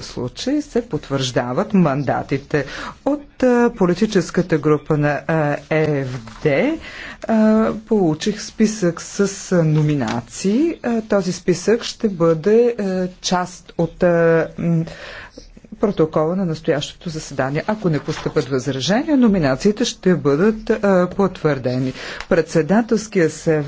случай се потвърждават мандатите от политическата група на ЕФД. Получих списък с номинации. Този списък ще бъде част от протокола на настоящото заседание. Ако не постъпят възражения, номинациите ще бъдат потвърдени. Председателския съвет